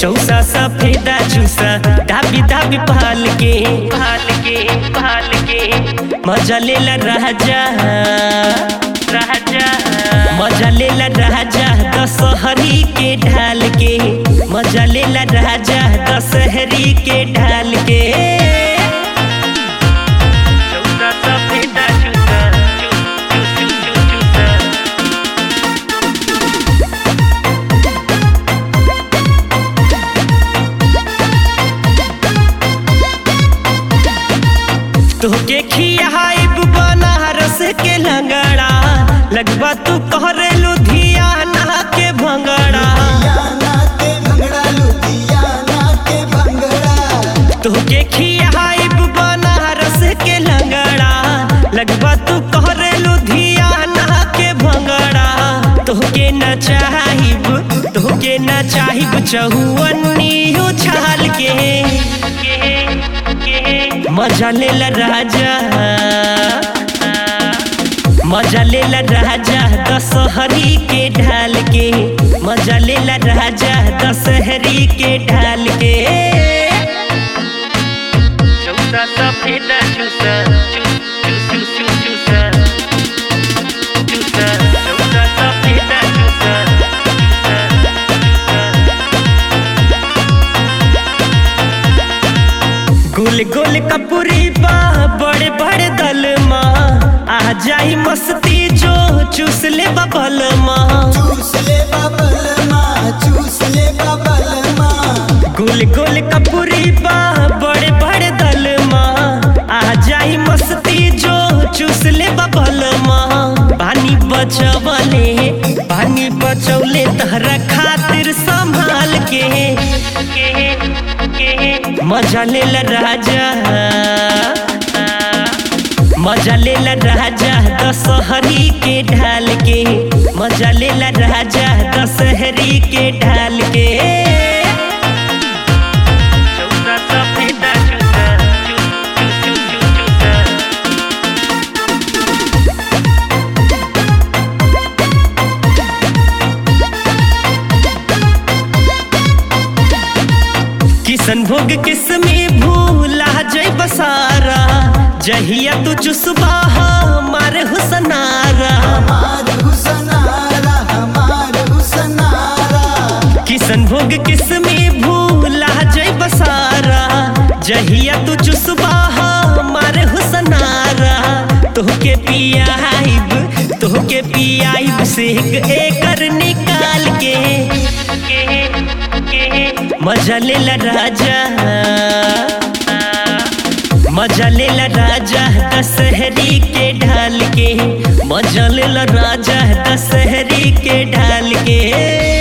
चौसा सफेदा चूसा दाबी दाबी पाल के पाल के पाल के मजा लेला राजा राजा मजा ले ला राजा दशहरी के ढाल के मजा ले ला राजा दशहरी के ढाल के तोहके खियाइब बनारस के लंगड़ा लगवा तू कहरे लुधियाना के भंगड़ा तोहके खियाइब बनारस के लंगड़ा लगवा तू कहरे लुधियाना के भंगड़ा तोहके न चाहिब तोहके न चाहिब चहुअन्नी उछाल के मजा ले ला राजा मजा ले ला राजा दशहरी के ढाल के मजा ले ला राजा दशहरी के ढाल के चूसा सफेद चूसा गोल गोल कपूरी बा बड़े बड़े दल मा आ जाई मस्ती जो चूस ले बबल मा चूस ले बबल मा चूस ले बबल मा गोल गोल कपूरी बा बड़े बड़े दल मा आ जाई मस्ती जो चूस ले बबल मा पानी बचवले पानी बचवले तहरा खा मजा ले राजा मजा ले राजा दशहरी के ढाल के मजा ले राजा दशहरी के ढाल लोग किस में भूला जय बसारा जहिया तू चुसबा हमार हुसनारा किसन भोग किस में भूला जय बसारा जहिया तू चुसबा हमार हुसनारा तुहके पियाइब तुहके पियाइब से एक एकर निकाल के मजा ले ला राजा मजा ले ला राजा दशहरी के ढाल के मजा ले ला राजा दशहरी के ढाल के